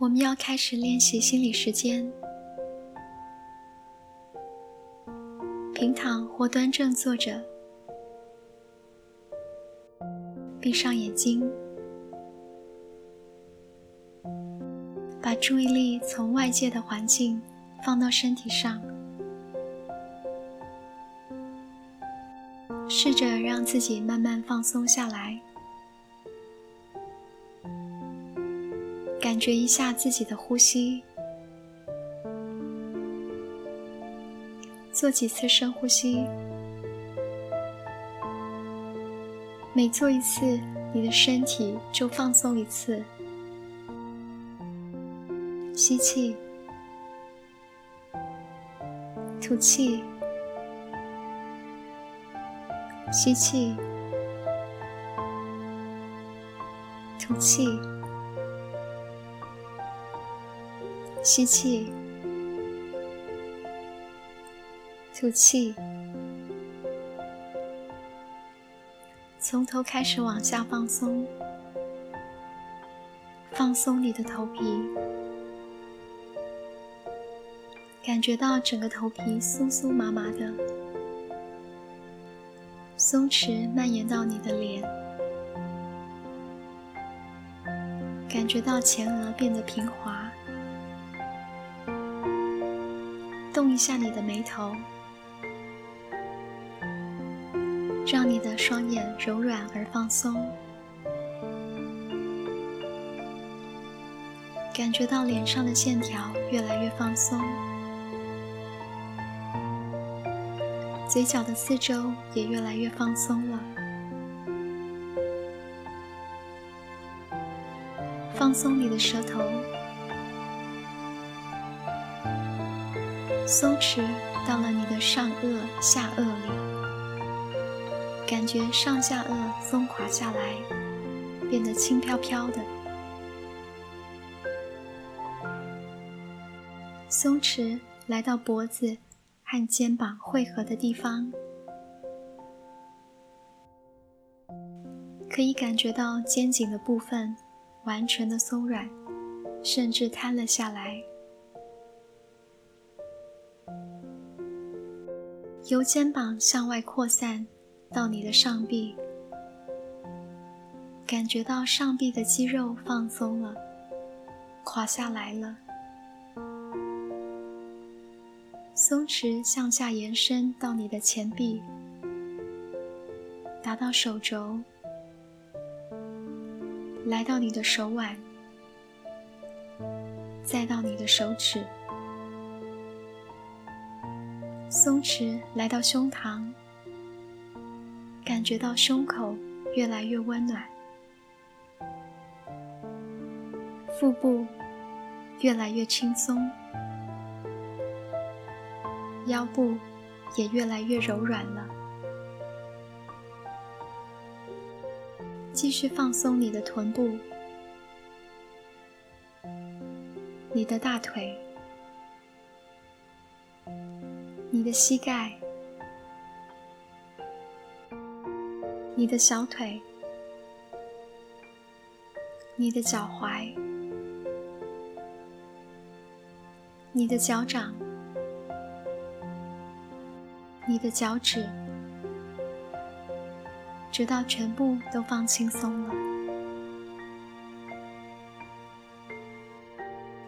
我們要開始練習心理時間。平躺或端正坐着，閉上眼睛，把注意力從外界的環境放到身體上，試着讓自己慢慢放鬆下來。感覺一下自己的呼吸，做幾次深呼吸。每做一次，你的身體就放鬆一次。吸氣，吐氣，吸氣，吐氣。吸氣，吐氣，從頭開始往下放鬆，放鬆你的頭皮，感覺到整個頭皮酥酥麻麻的，鬆弛蔓延到你的臉，感覺到前額變得平滑。動一下你的眉頭，讓你的雙眼柔軟而放鬆，感覺到臉上的線條越來越放鬆，嘴角的四周也越來越放鬆了。放鬆你的舌頭。鬆弛到了你的上顎、下顎裡，感覺上下顎鬆垮下來，變得輕飄飄的。鬆弛來到脖子和肩膀匯合的地方，可以感覺到肩頸的部分完全的鬆軟，甚至癱了下來。由肩膀向外擴散到你的上臂，感覺到上臂的肌肉放鬆了，垮下來了。鬆弛向下延伸到你的前臂，達到手肘，來到你的手腕，再到你的手指。鬆弛來到胸膛，感覺到胸口越來越溫暖，腹部越來越輕鬆，腰部也越來越柔軟了。繼續放鬆你的臀部，你的大腿。你的膝蓋，你的小腿，你的腳踝，你的腳掌，你的腳趾，直，直到全部都放輕鬆了。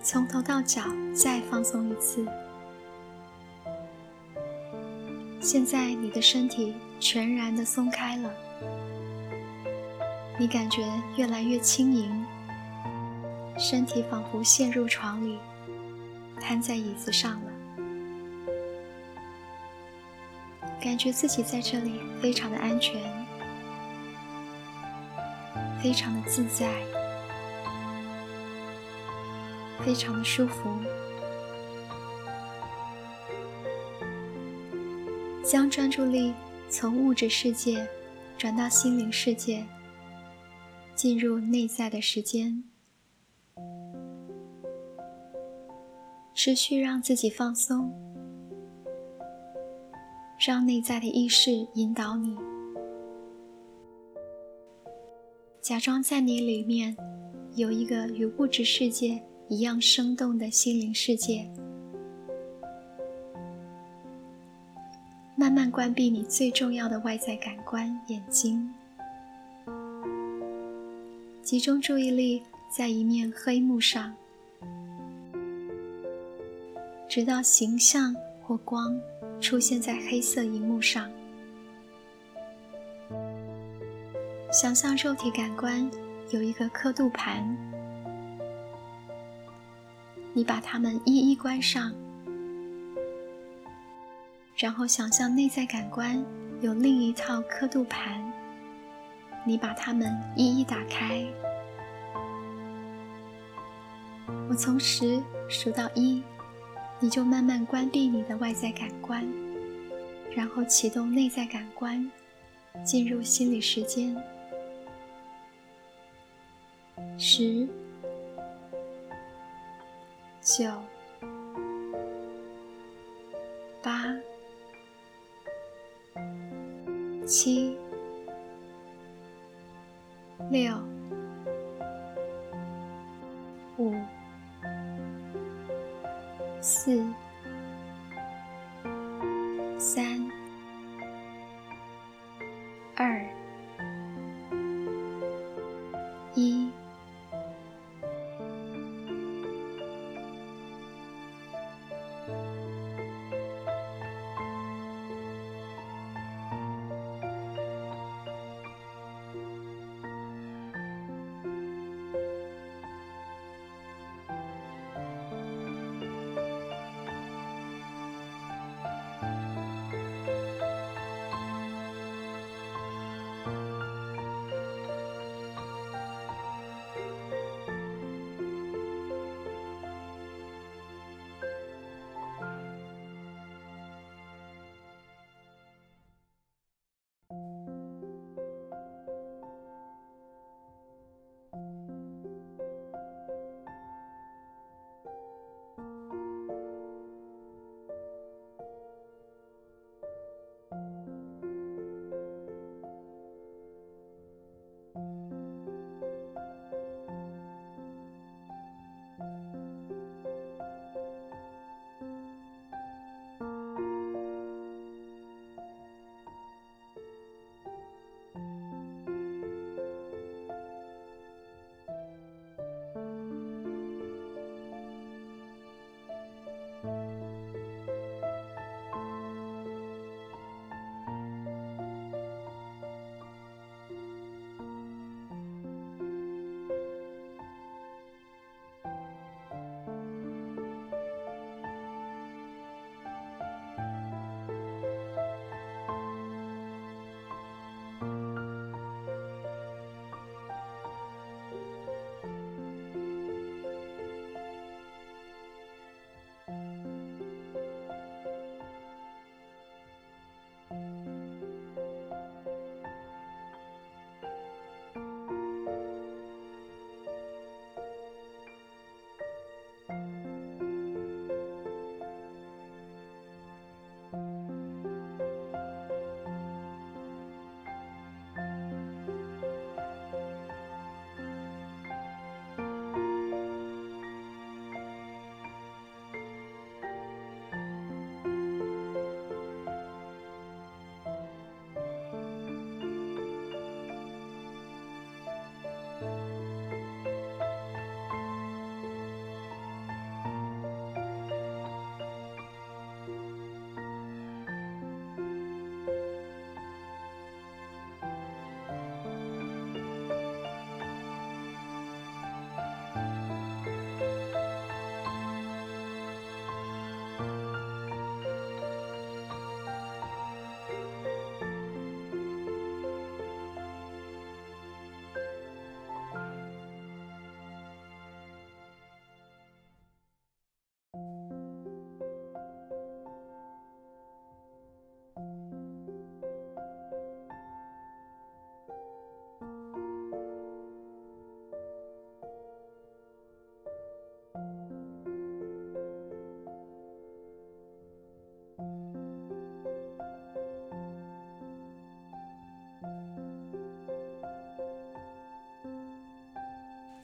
從頭到腳再放鬆一次。現在你的身體全然地鬆開了，你感覺越來越輕盈，身體仿佛陷入床裡，癱在椅子上了，感覺自己在這裡非常的安全，非常的自在，非常的舒服。將專注力從物質世界轉到心靈世界，進入內在的時間，持續讓自己放鬆，讓內在的意識引導你，假裝在你裡面有一個與物質世界一樣生動的心靈世界。慢慢關閉你最重要的外在感官——眼睛，集中注意力在一面黑幕上，直到形象或光出現在黑色熒幕上。想象肉體感官有一個刻度盤，你把它們一一關上。然後想象內在感官有另一套刻度盤，你把它們一一打開。我從十數到一，你就慢慢關閉你的外在感官，然後啟動內在感官，進入心理時間。十、九、八。七、六、五、四。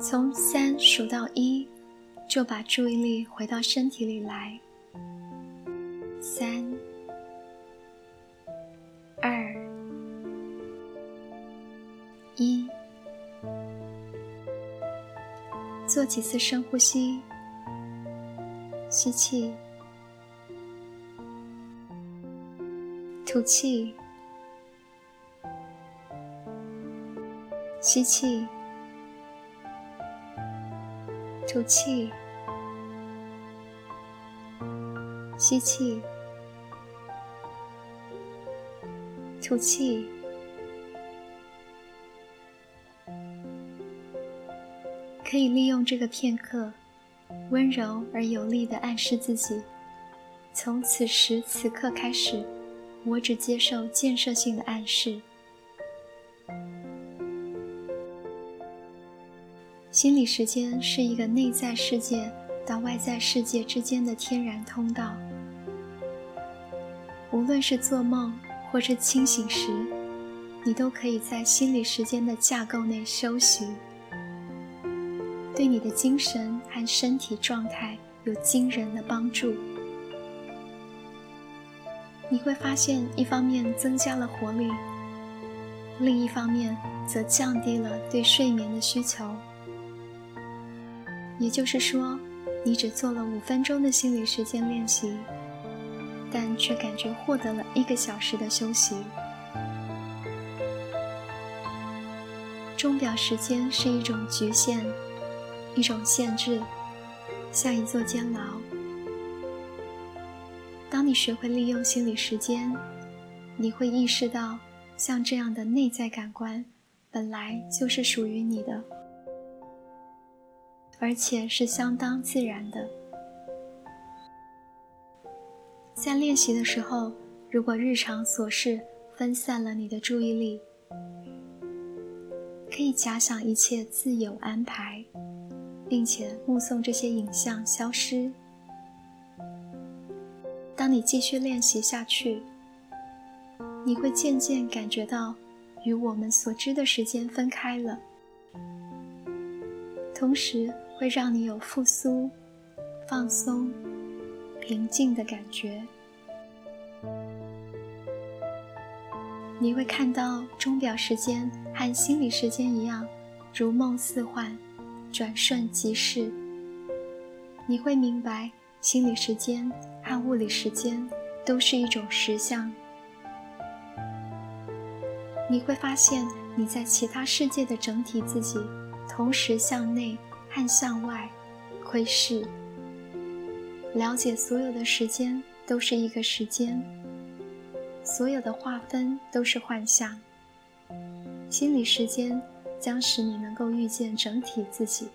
從三數到一，就把注意力回到身體裡來。三、二、一，做幾次深呼吸，吸氣，吐氣，吸氣。吐氣，吸氣，吐氣。可以利用這個片刻，溫柔而有力地暗示自己。從此時此刻開始，我只接受建設性的暗示。心理時間是一個內在世界到外在世界之間的天然通道。無論是做夢或是清醒時，你都可以在心理時間的架構內休息，對你的精神和身體狀態有驚人的幫助。你會發現，一方面增加了活力，另一方面則降低了對睡眠的需求。也就是說，你只做了五分鐘的心理時間練習，但卻感覺獲得了一個小時的休息。鐘錶時間是一種局限，一種限制，像一座監牢。當你學會利用心理時間，你會意識到，像這樣的內在感官，本來就是屬於你的。而且是相當自然的。在練習的時候，如果日常瑣事分散了你的注意力，可以假想一切自有安排，並且目送這些影像消失。當你繼續練習下去，你會漸漸感覺到與我們所知的時間分開了。同時，會讓你有復甦、放鬆、平靜的感覺。你會看到鐘表時間和心理時間一樣，如夢似幻，轉瞬即逝。你會明白，心理時間和物理時間都是一種實相。你會發現，你在其他世界的整體自己，同時向內。看向外窺視，了解所有的時間都是一個時間，所有的劃分都是幻象。心理時間將使你能夠遇見整體自己。